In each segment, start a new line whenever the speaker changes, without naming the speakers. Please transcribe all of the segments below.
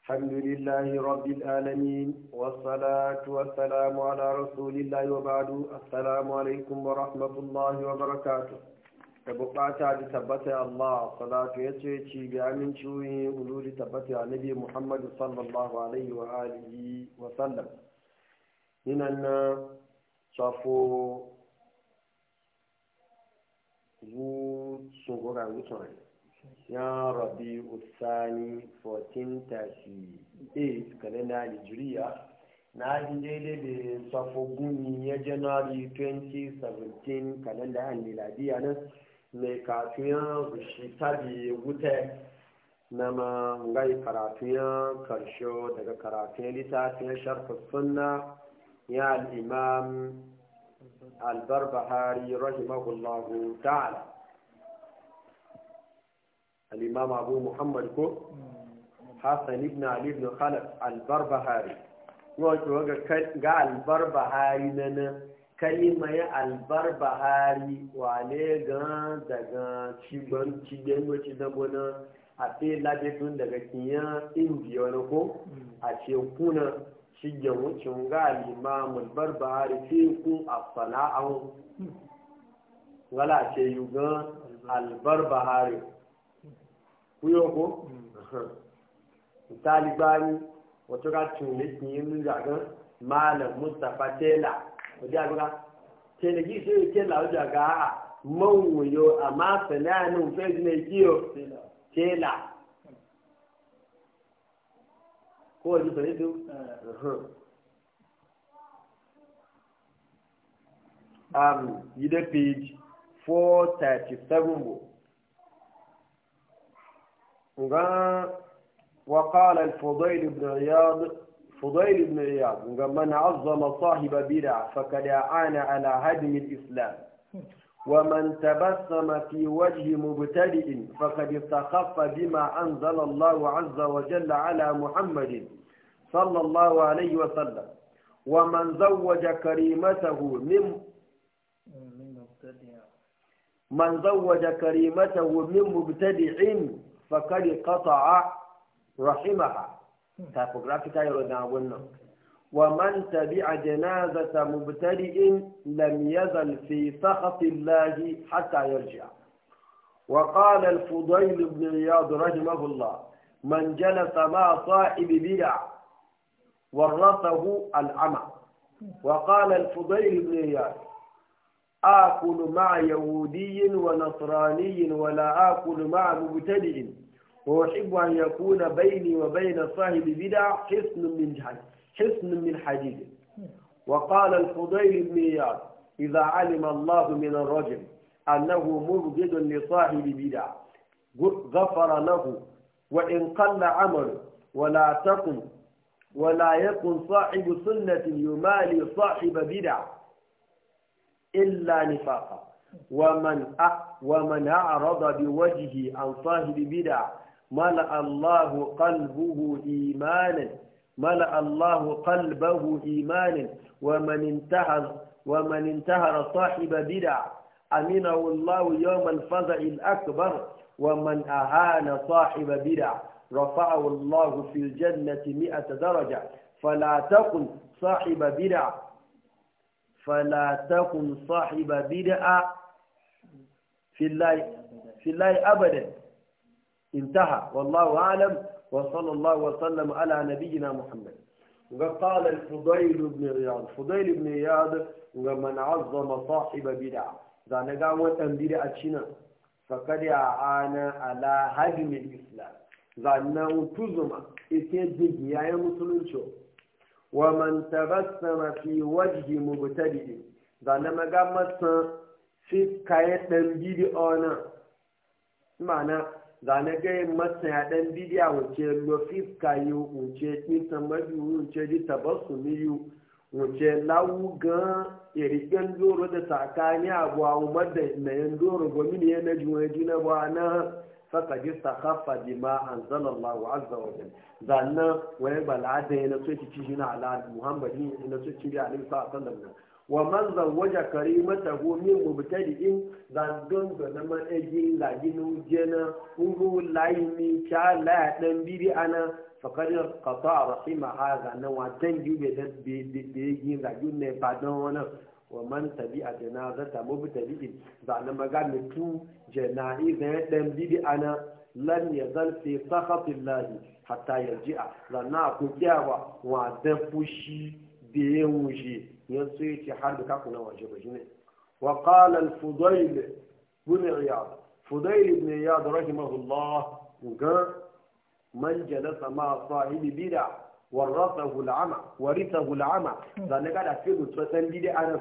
الحمد لله رب العالمين والصلاة والسلام على رسول الله وبعد السلام عليكم ورحمة الله وبركاته تبقاتا لتبتع الله صلاة يتشي بأمن شوي أولود تبتع نبي محمد صلى الله عليه وآله وسلم هنا شافوا وو سنغورا وطنعي ya rabi usani 1438 kalenda nigeria na ajin daidai da safoguni ya janari 2017 kalenda an miladiya nan mai kafin rushe tabi wuta na ma ngai ya karshe daga karatu karatun littafin sharfa sunna ya al'imam albarbahari rahimahullahu ta'ala الإمام أبو محمد كو حسن ابن علي بن خلف البربهاري wato ga albarbahari na nan kalima ya albarbahari wale gan daga cibon cibon wacce dabo na a fi labitun daga kiyan indiya wani ko a ce kuna shigen wucin ga limamul barbahari fi ku a sana'ahun wala ce yugan albarbahari kuyo ko misali hmm. bani wato ka tunle kinyi mun zagan malam mustapha tela wajen abuka tela ki sai tela wajen ga a mawuyo amma sananin fes ne kiyo tela ko wajen sanayi tu eh. um, yi da page 437 وقال الفضيل بن عياض فضيل بن عياض من عظم صاحب بدع فقد أعان على هدم الإسلام ومن تبسم في وجه مبتدئ فقد استخف بما أنزل الله عز وجل على محمد صلى الله عليه وسلم ومن زوج كريمته من من زوج كريمته من مبتدع فقد قطع رحمها typographical يردنا ومن تبع جنازة مبتدئ لم يزل في سخط الله حتى يرجع وقال الفضيل بن رياض رحمه الله من جلس مع صاحب بدع ورثه العمى وقال الفضيل بن رياض آكل مع يهودي ونصراني ولا آكل مع مبتدئ وأحب أن يكون بيني وبين صاحب بدع حصن من حديد حصن من حديد وقال الفضيل بن إياد إذا علم الله من الرجل أنه مبغض لصاحب بدع غفر له وإن قل عمله ولا تكن ولا يكن صاحب سنة يمالي صاحب بدع إلا نفاقا ومن ومن أعرض بوجهه عن صاحب بدع ملأ الله قلبه إيمانا ملأ الله قلبه إيمانا ومن انتهر ومن انتهر صاحب بدع أمنه الله يوم الفزع الأكبر ومن أهان صاحب بدع رفعه الله في الجنة مئة درجة فلا تقل صاحب بدع fala takun sahiba bid'a fi llahi abadan intaha wallahu alam wa sallallahu wa sallam ala nabiyyina muhammad ga qala al-fudayl ibn riyad fudayl ibn riyad ga man azzama sahiba bid'a da ne ga wadan bid'a cinan fakad ya ana ala hadmi al-islam za na utuzuma ite dig ya musulunci wa man tabassama fi wajhi mubtadi zanna maga masa fi kayan dan bidi ona mana zanna ga masa ya dan bidi a wuce lo fi kayo wuce kin tamadi wuce di tabassumi yu wace lawu ga irigen doro da tsakani abu a umar da na yan doro gomini ya na juwa juna ba na faqad istakhaffa bima anzalallahu azza wa jalla zanna wani balada yana so ki ci jina ala muhammadin yana so ki bi alim sa sallam nan wa man zawwaja karimatahu min mubtadi'in zan don da na man ejin la ginu jena ungu laimi cha la dan biri ana faqad qata rahima hadha na wa tan jube da bi bi yin la gunne padan wannan wa man tabi'a janazata mubtadi'in zana maga mutu jana'iza ya dan bibi ana lan yazal fi sakhatillahi hatta yarji'a zana ku kiyawa wa da fushi da ya wuce ya so yace har da kaku na waje baji ne wa qala al-fudayl ibn iyad fudayl ibn rahimahullah ga man jalasa ma sahibi bid'a ورثه العمى ورثه العمى ذلك fi في san بدي انا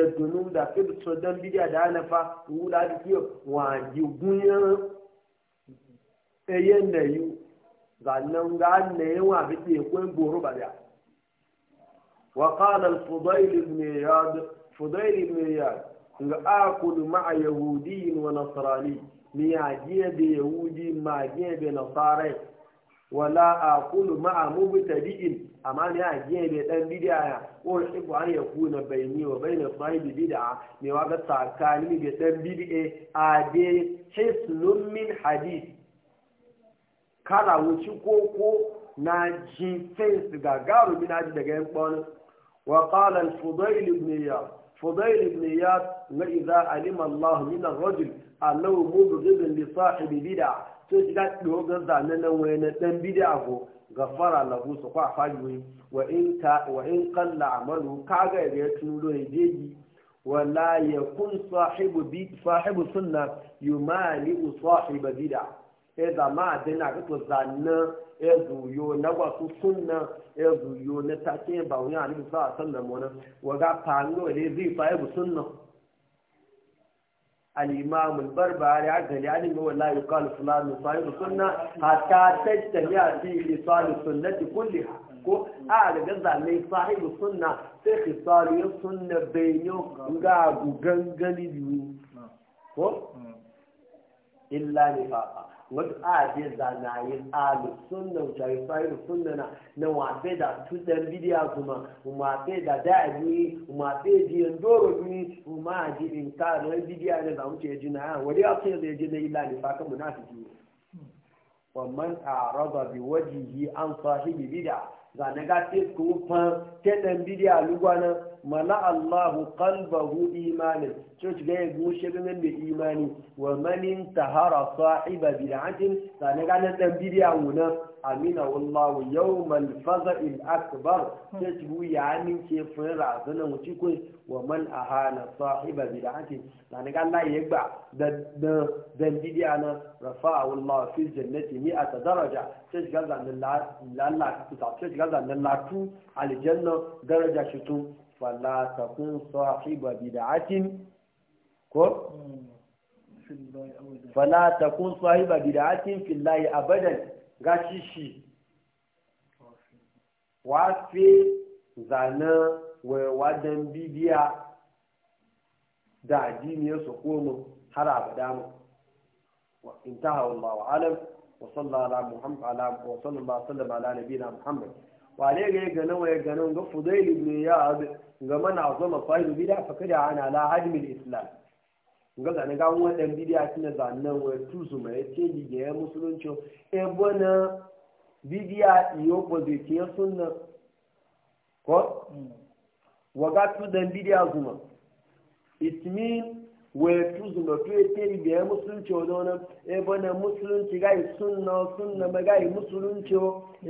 ẹ̀dùnnú da kébù tó dán bídí àdáyánafa wúlá dúkìá wọn àjì gúnyán ẹyẹ nẹ̀yú gànáńgá nẹ̀yẹ́ wọn àbí tí èkó ń gbòòrò bàbá. وقال الفضيل بن عياد فضيل بن عياد آكل مع يهودي ونصراني ma يهودي معجيب نصاري wala a aqulu ma'a a amma ne a giye ne dan bid'a ya ko ibu an ya yakuna baini wa baina sahibi bid'a ne wa ga tsakani ne dan bid'a a de hisnun min hadith kada wuci koko na ji su ga garu min haji daga yan kwan wa qala al-fudail ibn iyad fudail ibn iyad la idha alima Allah min ar-rajul annahu mubghidun li sahibi sai shi ga ɗiyo ga zane nan wani na ɗan bidiya ko gafara lahu su kwa fajiyoyi wa in kalla wa in qalla yadda ya tuno ya jeji wala kun sahibu yi ma sunna yumali sahibu bid'a ya zama a dina ga to zane ya zuyo na wasu sunna ya zuyo na take ba wani alim sa sallan wannan wa ga fanno ne zai sahibu sunna الإمام البربري عقل يعني هو لا يقال فلان صاحب السنة حتى تجتمع في إصال السنة كلها أعلى جزء من صاحب السنة في خصال السنة بينه وقاعد وقنقل يو إلا نفاقا wasu abe zanayin alu na wucari fa'ilu sunna na na wafe da tutar bidiya kuma wafe da daji wafe jiyan doro duni kuma ji in karar bidiya ne za wuce jina ya wani ya ce zai jina ila ne fa kan munafiki ne wa man araba bi yi an sahibi bid'a zane ga ce ku fan kedan bidiya lugwana mana Allahu qalbahu imanin to ci ga yego shi ga da imani wa man intahara sahiba bid'atin zane ga nan dan bidiya wuna amina wallahu yawmal faza'il akbar sai ci ya amince fun razana wuci ko wa man ahana sahiba bid'ati dan ga Allah ya gba da dan bidiya na rafa'a wallahu fil jannati mi'ata daraja sai ga zan Allah ta sai ga zan Allah tu aljanna daraja shi tu fala takun sahiba bid'atin ko hmm. fala takun sahiba bid'atin fillahi abadan gashishi fi zana wa don bibiya da ya soko mu har abada mu intaha wallahu alam wa sallallahu muhammad ala wa sallallahu sallam ala nabiyina muhammad wa ne ga ga nan waya ga nan ga fudail ibn ya ga mana azama fa'idu bid'a fa kada ana la hadmi al-islam ga zane ga wani ɗan bidiya tuna zanen wani tuzu mai ce gige ya musulunci ebo na bidiya iyo ko zai ke sunna ko waga tu dan bidiya zuma it mean wetu zunotu eteri biya musulunci odona ebo na musulunci gai sunna sunna ma gai musulunci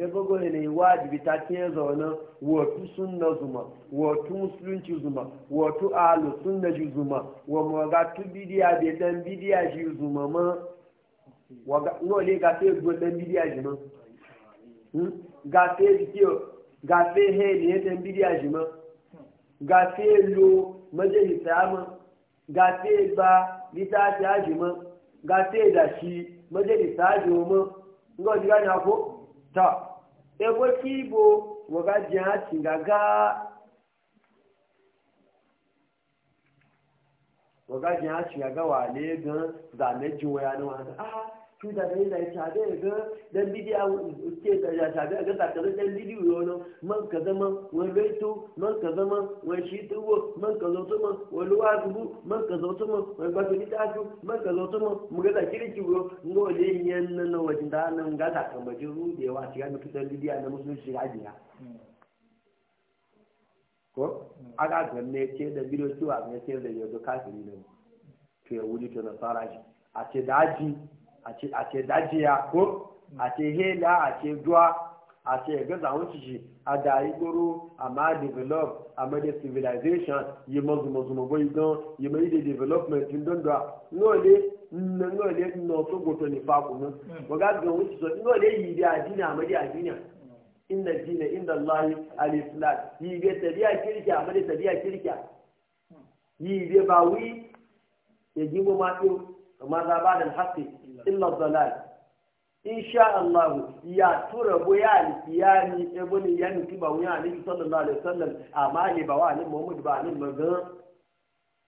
ebo go ne wajibi ta tiye zona wotu sunna zuma wotu musulunci zuma wotu alu sunna ji zuma wa mo ga tu bidiya be dan bidiya ji zuma ma wa ga no le ga te go dan bidiya ji ma hmm ga te ji ga te he ne dan bidiya ji ma ga te lo majalisa ma gate ba litafi aji ma gate da shi majalisa aji ma nga ji gani ako ta ebo kibo waga ji ati gaga waga ji ati gaga wale gan zane ji waya na wani ah tun da dai da ta da ga dan bidiya ke da ta da ga ta da dan bidiyo yono man ka zama wani baito man ka zama wani shi man ka wani wazubu man ka wani ba ni ta ju man ka mu ga da kirki go ngo na wajin da nan ga ta kan baje ru da yawa shiga mutu dan bidiya na ga ko hmm. aga ga ne ce da bidiyo ciwa ne ce da yau da ne Ke wuri to nasara shi a ce daji a ce dajiya ko a ce hela a ce duwa a ce ga zaunci shi a da yi goro a ma develop a ma da civilization yi mazu mazu mago yi don yi ma yi da development tun don da nole nna nole nna so goto ni fa kuma hmm. ba ga ga wuce so nole yi da adina ma da adina inna dina inda Allah al-islam yi da tabiya a ma da tabiya kirkiya yi de ba wi ya e jibo ma to amma za ba da haske illa zalal insha Allah ya tura boya alkiyami ibn yan tiba wa ali sallallahu alaihi wasallam amma ne ba wa ali Muhammad ba ali maga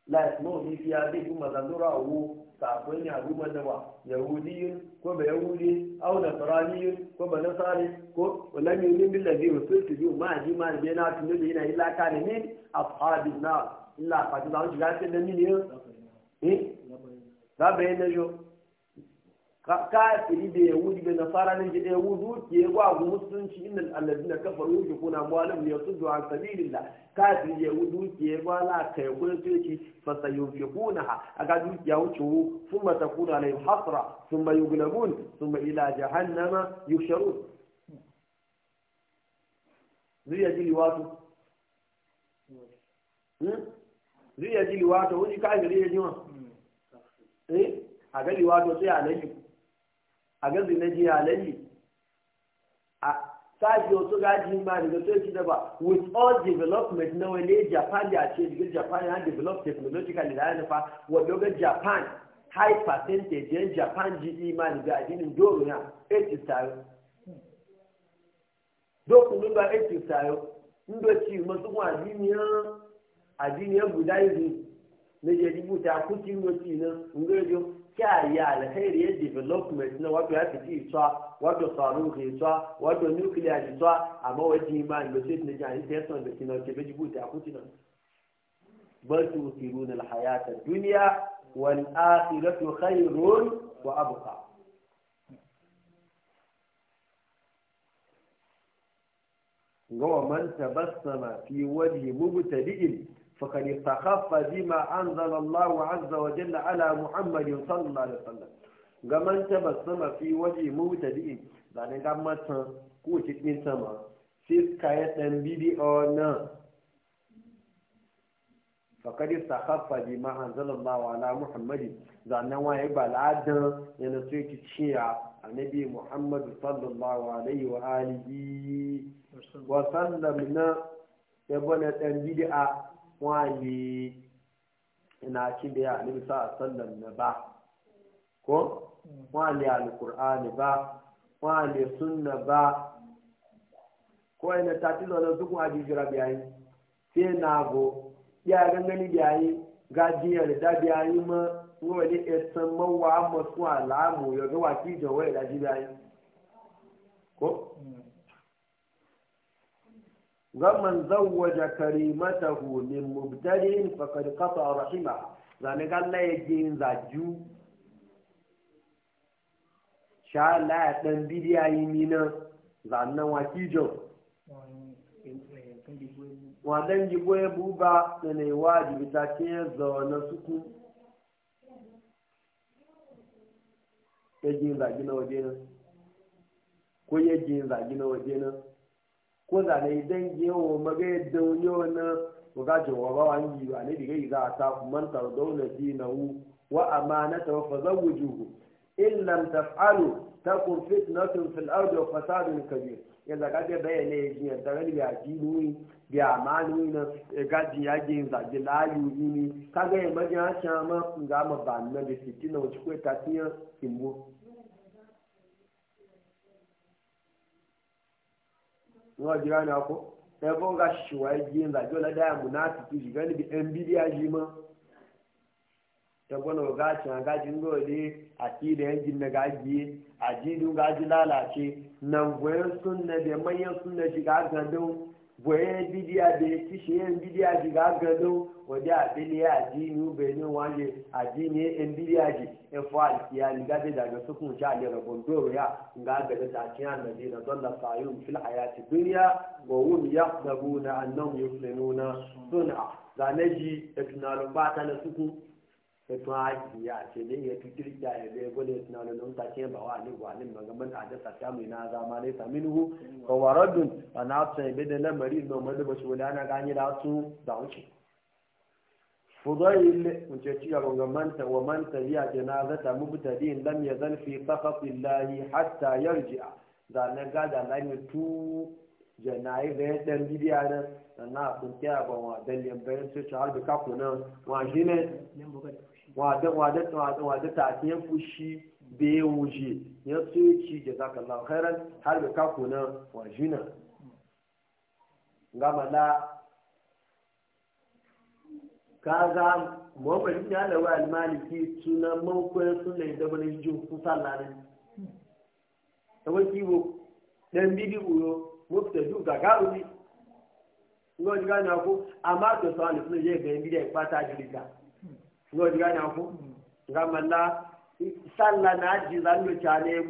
la yasmu bi fi hadi umma zanura wu sakon ya ruwa da ba yahudiyin ko ba yahudi au nasraniyin ko ba nasari ko lam yumin bil ladhi rusultu bi ma ji ma ne na tunu da yana illa ka ne min ashabin illa fa da shi ga ce ne eh jo kafiri da yahudi da nasara ne ji ɗaya wudu ke wa ku musulunci inna allazi na kafa ruhi kuna mu'alim ne su zuwa sabilillah kafiri da yahudi ke wa la kai kun kuna fa A aga dukiya wuce wu thumma kuna alayhim hasra thumma yughlabun thumma ila jahannama yusharun zuya jili watu hmm? zuya jili watu wani kafiri ya jima hmm. eh a ga liwato sai a nan a gazi na ji halayi a sashi wasu gaji ma daga soci da ba with all development na wani japan da ce daga japan ya develop technologically da ya nufa wadda ga japan high percentage yan japan ji imani e da addinin doro ya 80 tayo dokunin ba 80 tayo ndoci masu kuma addiniyan addiniyan buddhism na jadibu ta kuci ndoci na ndojo kyayi alkhairi ya development na wato ya fi itswa wato faru ke itswa wato nuclear itswa amma wajen imani ba sai tunaji a yi sayar da kina ke beji buta a kuci nan bal tu usiruna alhayata dunya wal akhiratu khairun wa abqa ga man tabassama fi wajhi mubtadi'in فقد استخف بما أنزل الله عز وجل على محمد صلى الله عليه وسلم gaman tabassama fi waje mutadi zane ga matan ko sama sai ka ya dan bidiyo na fakad istakhaffa bi ma anzalallahu ala muhammadin zane wa ya baladan yana so ki ciya annabi muhammad sallallahu alaihi wa sallam na ya bana dan bidi'a wani ina kin da ya alimi sa sallam na ba ko wani alkur'ani ba wani sunna ba ko ina tatilo na duk wani jira biyayi sai na go ya gangani biyayi gajiyar da biyayi ma wani esan mawa masu alamu ya ga waki wai da ji ko hmm. gaman zawwaja karimatahu min mubtadi'in faqad qata rahimaha zane galla yake yin zaju sha Allah ya dan bidiya yi mina zanna wakijo wa dan jibo ya buba da ne wajibi ta ke zauna suku yake yin zagi na waje nan ko yake yin zagi na waje na. ko ne dangi yawo maga yadda wani na ga jawaba wani yi ba ne diga za a ta da wani dauna hu wa amanata wa fa zawujuhu in lam taf'alu takun fitnatun fil ardi wa fasadun kabir yalla ga da bayane yi da gani ya ji dinu ya amanu na eh, ga ji ya ji za ji layu ni kaga ya maja ga ma ba na da fitina wuce ko ta tiya kimbo wọn jira ni ako ẹbọn ka ṣùwà ẹgbẹ ńlá jọ lọdà àmú náà ti ma, ṣùgbọ́n níbi ẹnbílí ayé mọ́ ẹbọn náà ọgá àti àgá ti ń gbọ́dọ̀ àti ilẹ̀ ẹnjì mẹ́ga yé àti ìlú ńgá ti lálàáṣe nàǹgbọ́n súnnẹ̀ bẹ̀ mọ́yẹ́ súnnẹ̀ ṣì ká gàdán. gwaye bidiya da ya ci shiyen bidiya ji ga gado waje a bili ya addini ubenin wani addini e ya yan bidiya ji e ya fi alkiya ni gabe daga e sukun sha ne rabon doro ya ga gada ta kiya na ne na zalla sayun fil hayati duniya wa wum ya dabu na annan yuslinuna suna zane ji da tunanin bata na suku. ètò ààyè àti eléyìí ètò kìrìkì àyẹ̀lẹ̀ ẹgbẹ́ lẹ́sìn náà lọ́nà ta kí ẹ bá wà ní wà ní gbọ̀ngàn àjẹ́ sàkámù iná azàmà lẹ́sà mínú ọ̀wọ̀rọ̀ dùn ọ̀nà àtún ìgbẹ́dẹ̀ lẹ́mọ̀rí ìlú ọmọdé bó ṣe wọlé anága anyi la tún dàwùjì. fúdọ́ ilé ǹjẹ́ tí a gbọ̀ngàn mọ́ntà wọ mọ́ntà yí àjẹ́ náà zẹ́ta múbutàdí ńlẹ́m yẹ zan fi sáfàfi láyé hàtà yẹrìjì zànàgà zànàgà tú jẹ̀nàyé bẹ́ẹ̀ tẹ́ bíbí àná sannan a kun tẹ́ àgbọ̀n wa bẹ́ẹ̀ lẹ́yìn bẹ́ẹ̀ tó ṣe àlùbíkà kùnà wọn àjínẹ́. wadda ta ke fushi bai wuce ya tsoci da zaka Allah khairan har da kako na wajina gama la kaza Muhammad ibn Alawi al-Maliki sunan mawkon sunan da bane jin kusa lanin da wani wo dan bidi uyo mufta ju ga garuni ngo diga na ko amma to sai ne je ga bidi ipata jirika ngo diga na ku gama la sallah na ji zan mu tare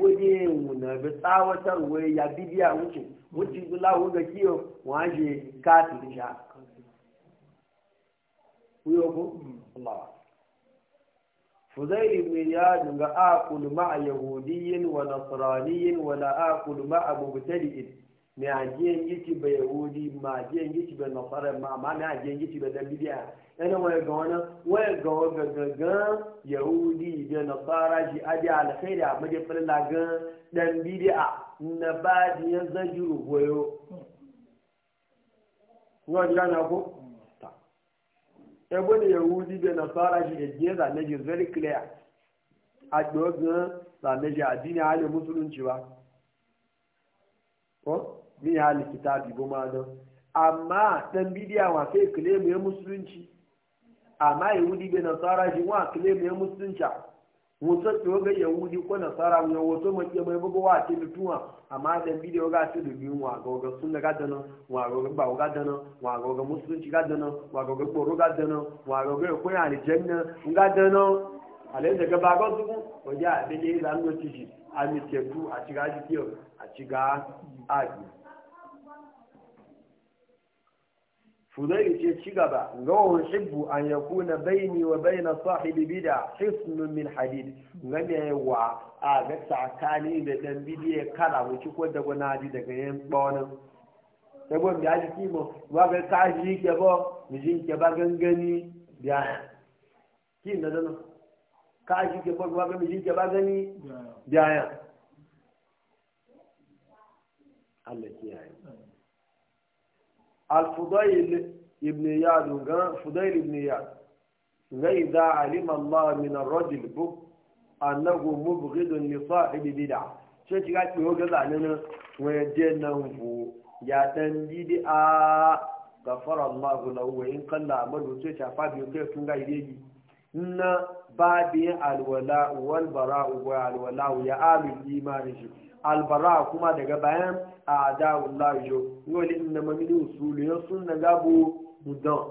na bi tsawatar wai ya bidiya wuce wuce lahu ga kiyo waje kafin sha kuyo ku Allah فزير بن ياد لا آكل مع mai ajiyan gici bai yahudi ma ajiyan gici bai nasara ma ma mai ajiyan gici bai dan bidiya yana waya ga wani waya ga gaggagan yahudi da nasara shi aji alkhairi a maje majafin lagan dan bidiya na ba da ya zaji goyo wani gana ko ta ebo da yahudi da nasara shi da jiya zane ji very clear a dogon zane ji addini halin musulunci ba ko bi hali kitabi goma amma dan bidiya wa sai claim ya musulunci amma yahudi bai nasara shi wa claim ya musulunci wato ga yahudi ko nasara ne wato mace mai bugu wa ce mutuwa amma dan ga su wa ga ga sun ga dana wa ga ba ga dana wa ga ga dana wa ga ga boro dana wa ga ga ko dana ba ga su ko shi a mi teku a ci ji a ci ga fudai ce ci gaba ga wa hibbu an ya kuna baini wa baina sahibi bid'a hisnun min hadid ngane wa a ga tsakani da dan bidiye kala wuci ko da gwanadi daga yan bawanan sai gwan da ji kimo wa ga kaji ke ba mijin ke ba gangani biya kin da ka kaji ke ba wa ga mijin ke ba gani biya Allah kiyaye الفضيل ابن ياد فضيل ابن ياد فإذا علم الله من الرجل بك أنه مبغض لصاحب بدعة شو تقول هو كذا أننا ويجينا يا تنجد غفر الله له وإن قل عمله شو شافا بيوكي تنجا يديه إن بابي الولاء والبراء والولاء يا آل إيمان شكرا albara kuma daga bayan a da'un lajo wani inda mamili usulu ya suna gabo mudan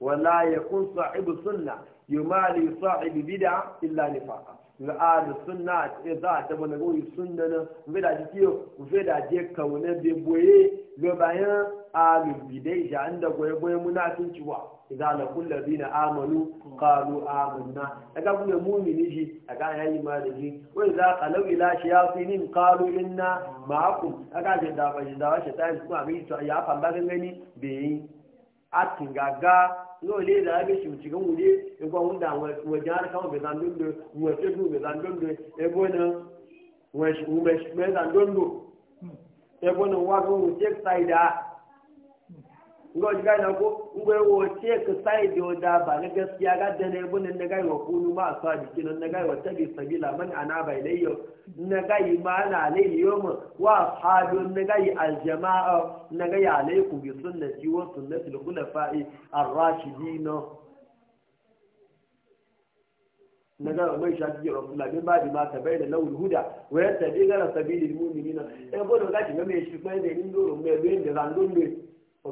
wala ya kun sa'ibu sunna yumali sa'ibu bid'a illa nifaqa ga da sunna ce za ta mana goyi sunna na ve da jike ve da je kaune be boye lo bayan ahlu bidai ja anda goye boye munafinci wa idza la kullu ladina amanu qalu amanna daga kuma mu'mini ji daga yayi ma da ji wa idza qalu ila shayatinin qalu inna ma'akum daga je da ba je da shaytan kuma bi to ya fa ba gani be atin gaga Non li la, vishu, chika moun li, e kwa moun da, mwen jan kwa mwen zandoum do, mwen chek moun zandoum do, e kwa nan, mwen zandoum do, e kwa nan wak moun chek sa idya. Nkwa jika nan kou, kuma wace ka sai da wada ba na gaskiya ga da ne bunin na wa kunu ma sa jikin na wa tabi sabila man ana bai layyo na gai ma na layyo mu wa ashabu na gai aljamaa na gai alaiku bi sunnati wa sunnati al-khulafa'i ar-rashidin na ga mai sha ya rasu labin ba bi ta bai da lauyi huda wa yadda bi gara sabili mu'minina eh bodo ga ki ga mai shi bai da indoro mai bai da randon mai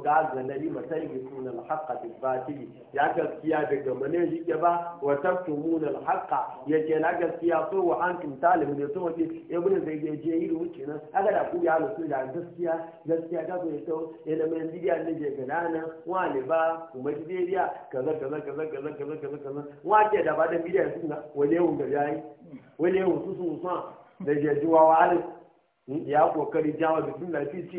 ga zanari matan yusuna alhaqa bil batil ya gaskiya daga mane yake ba wa taftumuna alhaqa yake na gaskiya so wa antum talibun yato wace ibnu zai je je yi wuce nan aga da ku ya lusu da gaskiya gaskiya ga ku yato ina mai bidiya ne je ganana wa ne ba kuma bidiya kaza kaza kaza kaza kaza kaza kaza wa ke da ba da bidiya sun na wale wun da yayi wale wun su sun san da je juwa wa hmm? ya kokari jawa bisin da fi ci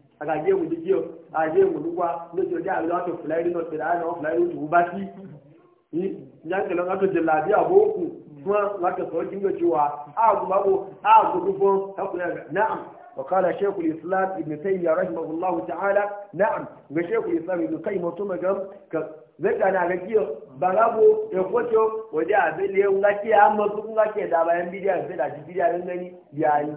àgàgbé ìwòdì díẹ̀ àgàgbé ìwòdì wá lóṣù ọjà àlọ́ àtò fúláìrì náà tẹ̀lé àná fúláìrì òtù bá sí ní ìyáǹkẹ̀ lọ́nà tó jẹ̀lá àbí àbó òkú fún lákẹ̀sọ̀ jíngẹ̀jì wa àgùnbáwò àgùnbí fún ẹkùnrin náà وقال شيخ الإسلام ابن تيمية رحمه الله تعالى نعم وشيخ الإسلام ابن تيمية تمجم zai na ga kiyo ba rabo ya kwato waje a zai liyan ngake ya amma su ngake da bayan bidiya sai da shi bidiyar gani biyayi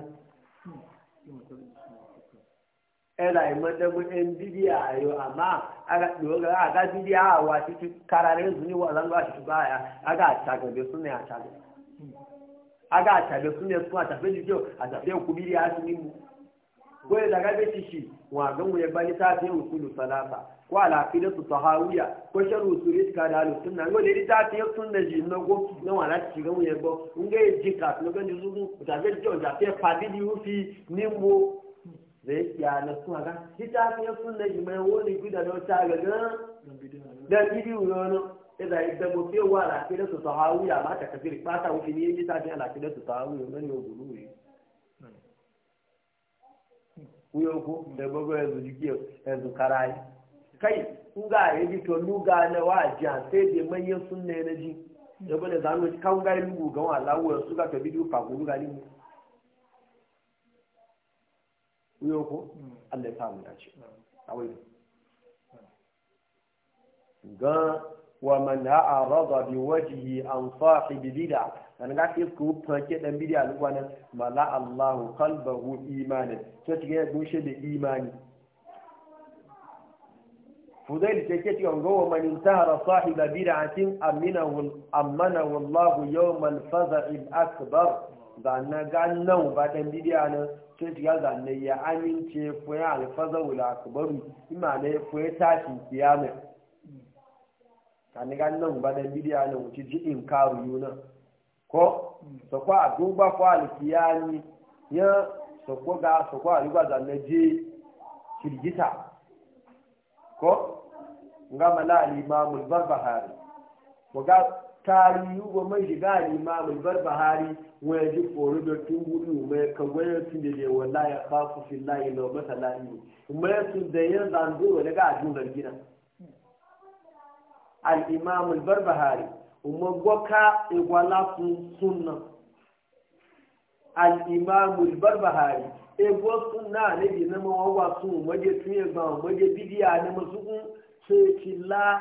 ẹ̀rà ìmọ̀tẹ́gbọ́ ndidi ààyò àmà àgbàgbọ́ àgàdidi a e a a ezu ní a àtìtì báyà àgà ga fún mi àtàgbẹ̀ a àtàgbẹ̀ fún mi fún àtàgbẹ̀ jíjọ a òkú bíi àti mímu. bóyá ìdàgbàgbẹ̀ ṣìṣì wọn àgbẹ̀wò yẹn gbalẹ̀ táàfin òkúlù sọ̀láfà kó àlàáfíà tó tọ̀ háwíyà kó ṣẹ́rù òṣèré ti kàdà lò tún náà lórí táàfin tún lè yìí lọ́gbọ́ náà wà ji ṣìgbẹ́wò yẹn gbọ́ ń gé èjì kàtúndínlógún ìdàgbẹ́jọ́ ìdàfẹ́ da yake a na suna ga hita ya sun da wani gida na wata ga da bidiyo ne ya yi idan fi wa lafi da su ta hawu ya ma ta kafiri ta wuce ne yi ta fi lafi da su ta hawu ya nan yau gudu ne kuyo ko da yanzu yanzu karayi kai ku ga ya ji to luga na wa jiya sai da manyan sunna na ji da bane zamu kan ga lugu ga wa lawo su ga ta bidiyo fa luga ne kuyo ko Allah ya samu dace a ga wa man a'rada bi wajhi an sahibi bid'a dan ga ke ku fake dan bid'a lugwana mala Allah qalbahu imanan to tige gushe da imani فضيل كيكيت ينقوى من انتهر صاحب بدعة أمنه, أمنه الله يوم الفزع الأكبر zanna gannan badan bidiya nan sai shiga zanna ya amince fuya alfaza wula akbaru ima ne fuya tashin kiyama kan gannan badan bidiya nan wuce ji in karu yuna ko so ko a duba kwa alkiyani ya so ko ga so ko alba zanna je kirgita ko nga mala al-imam al ko ga tarihi wa mai shiga limamul barbahari wa ya ji foro da tun gudu mai kagwayar tun da ne wala ya kafu fillahi na mata la'iyu mai su da yin zanzo wa daga ajin zargina al'imamul barbahari umma gwaka igwala sun sunna al'imamul barbahari egwo sunna ne bi na mawawa sun waje tun ya ba waje bidiya na masu kun sai ci la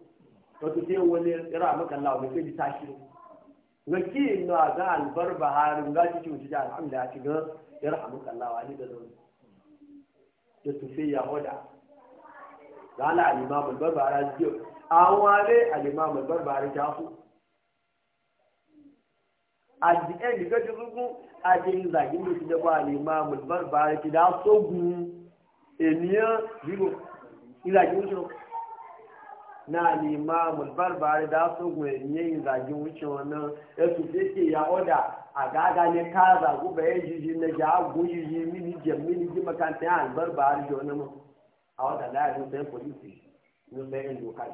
wato sai wani ira maka Allah mai sai bisa shi wakil na ga albar baharin ga shi cuci da alhamdulillah ci, shiga ya rahamu Allah wani da zaune da tufi ya hoda ga ala al-imam al-barbara ji aware al-imam al-barbara ta su at the end ga jurugu a jin zagi mu da ba al-imam al-barbara ki da sogu eniyan digo ila ji mu na limamul barbari da su gwenye zagin wuce wannan ya su fike ya oda a gaga ne ka zagu ba ya jiji na ja gu jiji mini jem mini ji makanta ya albarbari da wani mu a wata laya sun sai polisi ne sai yan lokal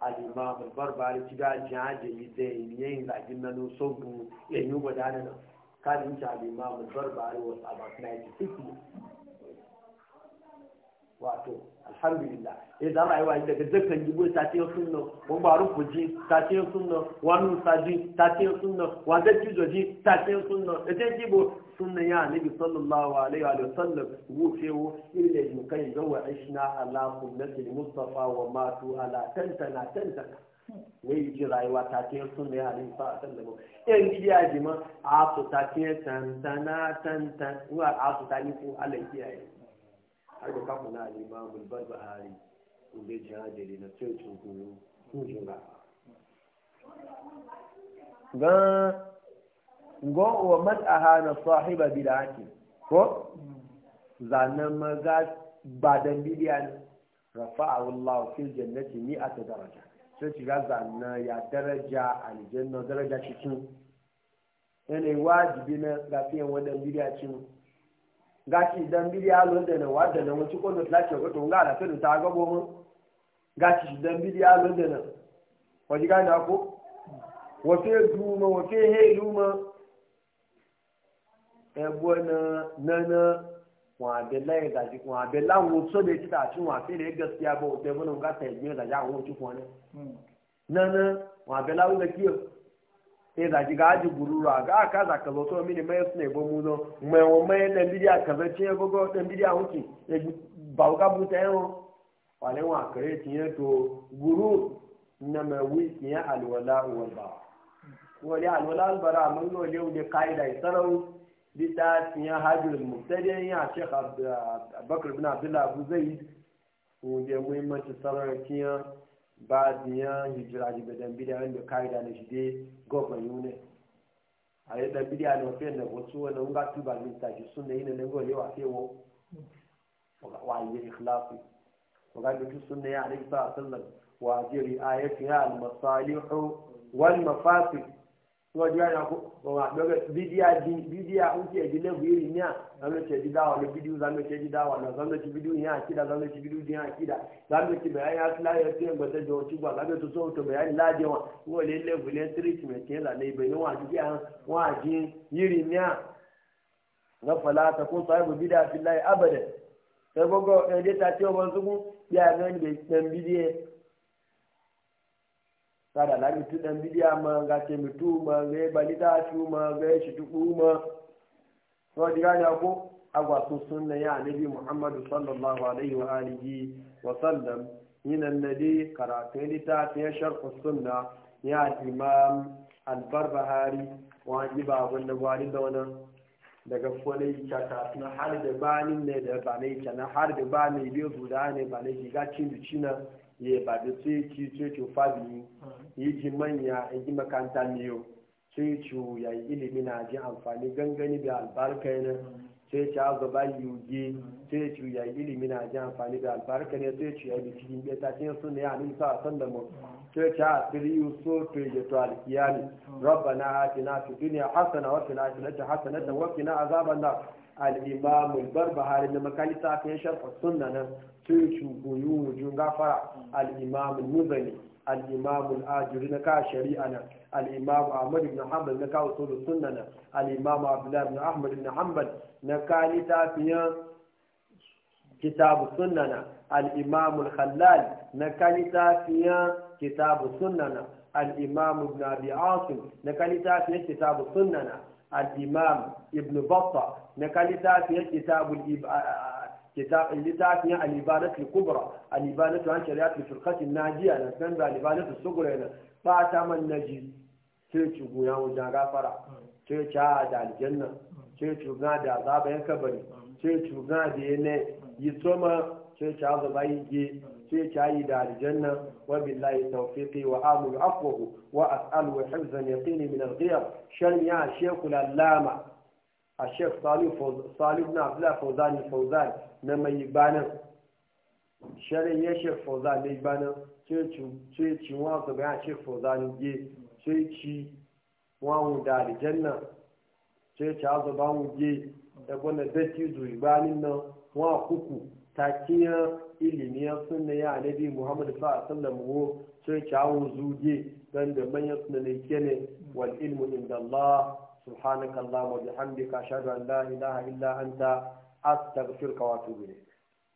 alimamul barbari ci gaji hajji da yin zagin na no
sogu ne gudanar kan yi alimamul barbari wasu abu 96 wato alhamdulillah Eh za mu aiwa daga dukkan gibo ta ce sunna ba rufu ji ta ce sunna wan saji ta ce sunna wan da jijoji ta ce sunna da ce gibo sunna ya nabi sallallahu alaihi wa sallam wu illa mu kai ga wa aishna ala sunnatil mustafa wa matu ala tantana tantana wai ji rayuwa ta ce sunna ya nabi sallallahu alaihi wa sallam en gidiya jima a su ta ce tantana tantan wa a su ta ni ko Allah kiyaye har da kafa na alima mulbar bahari inda jihadari na sai tsohon kujin ba gan go wa mat'aha na sahiba bid'ati ko zanen maza ba dan bidiya ne a Allah fil jannati ta daraja sai shiga zanna ya daraja aljanna daraja cikin yanayi wajibi na gafiyan wadan bidiya cikin gashi dan bidiya londa na wadda na wancin kono tlace ko to ngala to ta gabo mun gashi dan bidiya londa na wafe duma wafe na wa bella ya e gaji ko wa bella wo so kita cin wa fere gaskiya ba da e wo hmm. wa wo da kiyo sai za aji gaji gurura ga aka za ka zo to mini mai suna ibo mu zo mai wa mai na bidiya ka zace ya bugo dan bidiya hunki ya ba ga buta yau wale wa kare tiye to guru na mai wiki ya alwala wal ba wale alwala wal bara mun go le de kaida sarau bita tiye hajjul mubtadi ya sheikh abubakar bin Abdullahi abu zaid ko je muhimmanci sarau ya badiyan hijiraji da dan bidiyan da kaida na shi dai gogon yune a yi dan bidiyan na fiye da wasu wani wunga tuba min tashi sun da yi na nango yawa fewo wa yi ikhlasu wa ga duk sun da ya alaihi sallallahu wa jiri ayatiha al-masalihu wal mafasid wọ́n di àyàn kó wọ́n àgbẹ̀rẹ̀ bídíà di bídíà ń tiẹ̀ di lẹ́bù yìí ní à zanlọ́tì di dáwà lọ bídíù zanlọ́tì di dáwà lọ zanlọ́tì bídíù yẹn àkídà zanlọ́tì bídíù yẹn àkídà zanlọ́tì bẹ̀rẹ̀ yẹn akíláyọ̀ tí ẹ̀ gbẹ̀sẹ̀ jọ ọtí gbà lábẹ́ tuntun ọ̀tọ̀ bẹ̀rẹ̀ yẹn láàjẹ wọn wọ́n lé lẹ́bù lẹ́ kada la mi tudan bidiya ma ga ce mi tu ma ga e balida tu ma ga e shi duku ma to diga ya ko agwa su sunna ya nabi muhammad sallallahu alaihi wa alihi wa sallam yin annabi karatu ni ta sharh sunna ya imam al-barbahari wa jiba wanda gwari da wannan daga ta ta na har da banin ne da ta na har da bani biyo guda ne bani ga cin bicina ye ba da tsoyeci tsoyeci fabi yi ji manya in ji makanta miyo tsoyeci ya yi e ilimi e na ji amfani gangani da albarka yana ci a gaba yuge tsoyeci ya yi e ilimi na ji amfani da albarka ne ci ya yi cikin ta ce sun ne a nisa a san da mu ci a asiri yuso so to na rabbana atina fi duniya hasana wa fil akhirati hasanatan wa qina azaban nar الإمام البربهاري لما كان يتعطي شرح السنة تيتو بيو جنغفر الإمام المزني الإمام الآجري نكا شريعنا الإمام أحمد بن حنبل نكا وصول السنة الإمام عبد الله بن أحمد بن حنبل نكا لتعطي كتاب السنة الإمام الخلال نكا لتعطي كتاب السنة الإمام ابن أبي عاصم نكا في كتاب السنة al-imam ibn batta na kalita fi kitabul littafin alibadatul kubra alibadatul an shari'atul firqatin najiya na san da alibadatul sugura na ba ta man naji sai ci goya wajen gafara sai ci da aljanna sai ci ga da azaba yan kabari sai ci ga da yana yi tsoma sai ci azaba yi sai ta yi da aljanna wa billahi tawfiqi wa amul afwahu wa as'alu hifzan yaqini min al ghayr shan ya al allama a shek salih na abdullah fauzani fauzan na mai banan sharin ya shek fozan mai banan sai ci wa su bayan shek fauzan ji sai ci mu da aljanna sai ci ba mu ji da gwamnati dati zuwa banin nan wa kuku takiyan ilimi ya sunna ya annabi muhammad sallallahu alaihi wasallam go sai chawo zuje dan da manyan sunna ne kene wal ilmu inda allah subhanakallahumma wa bihamdika ashhadu an la ilaha illa anta astaghfiruka wa atubu ilayk